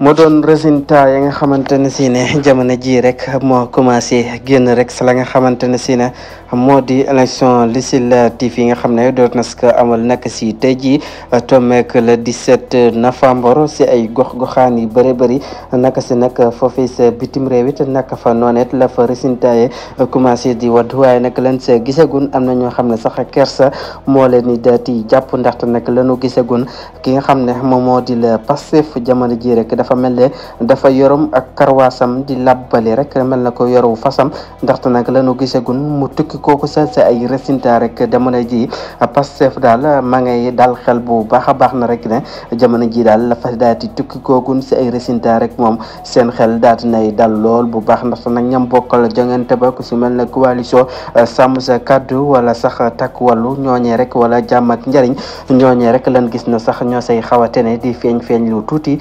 moo resinta résultat ya nga xamante si ne jamono ji rek mo commencé genn rek sa la nga xamante si ne moo di élection législative yi nga xam ne doot na ska amal nag si tey jii tombeek le 17 novembre si ay gox-goxaan yu bëri bëri si nag foofii sa bitim réew it naka fa noonet la fa résultat yi commencé di wadd waaye nag lan sa gisagun am na ñoo xam ne sax kersa moo leen ni daal di jàpp ndaxte nag lanu gisagun ki nga xam ne moom moo di la jamono ji rek dafa dafa mel ne dafa yorom ak karwaasam di labbali rek mel na ko yoru fasam ndaxte nag lanu gisagun mu tukki kooku sa sa ay résultat rek jamono ji Pastef daal ma ngay daal xel bu baax a baax na rek ne jamono ji daal la fas daal di tukki kooku si ay résultat rek moom seen xel daal di nay dal lool bu baax ndaxte nag ñam bokkal jongante ba si mel ne coalition sàmm sa kaddu wala sax takk wàllu ñooñee rek wala jàmm ak njëriñ ñooñee rek lan gis na sax ñoo say xaw a tene di feeñ feeñ tuuti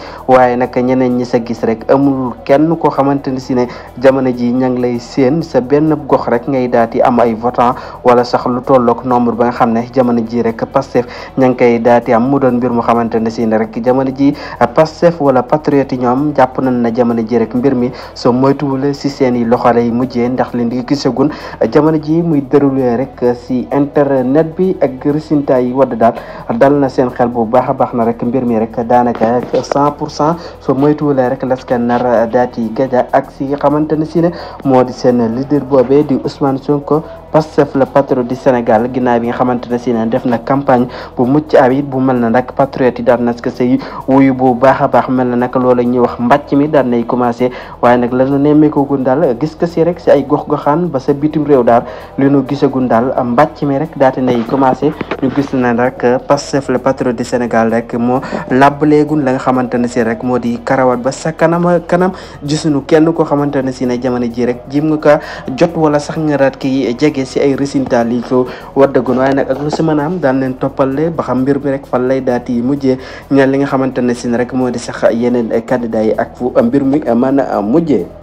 ñeneen ñi sa gis rek amul kenn koo xamante ni si ne jamono ji ña ngi lay séen sa benn gox rek ngay daati am ay votant wala sax lu tollook nombre ba nga xam ne jamono ji rek Pastef ña ngi koy daati am mu doon mbir mu xamante ne si rek jamono ji Pastef wala patriote yi ñoom jàpp nañ na jamono ji rek mbir mi soo moytuwul si seen i loxo lay mujjee ndax li ngi gisagun jamono ji muy déroulé rek si internet bi ak résultat yi wadd daal dal na seen xel bu baax a baax na rek mbir mi rek daanaka cent pour cent soo moytuwulee rek las ka nar daati gaja ak si nga xamante ne si ne moo di seen leader boobee di Ousmane Sonko Pastef la patriote du Sénégal ginnaaw bi nga xamante ne si ne def na campagne bu mucc ayib bu mel na nag patriote yi daan na si wuyu bu baax a baax mel na nag loola ñuy wax mbàcc mi daan nay commencé waaye nag la ñu nemmeekoogun daal gis ko si rek si ay gox-goxaan ba sa bitim réew daal li ñu gisagun daal mbàcc mi rek daate nay commencé ñu gis na nag Pastef la patriote du Sénégal rek moo labbaleegun la nga xamante ne si rek moo di karawat ba sa kanam kanam gisuñu kenn koo xamante ne si ne jamono ji rek jim nga ko jot wala si ay résultats li ko war dëggoon waaye nag ak lu si mën a daan leen toppale ba xam mbir mi rek fan lay daat yi mujjee ñaan li nga xamante ne si rek moo di sax yeneen candidat yi ak fu mbir mi mën a mujjee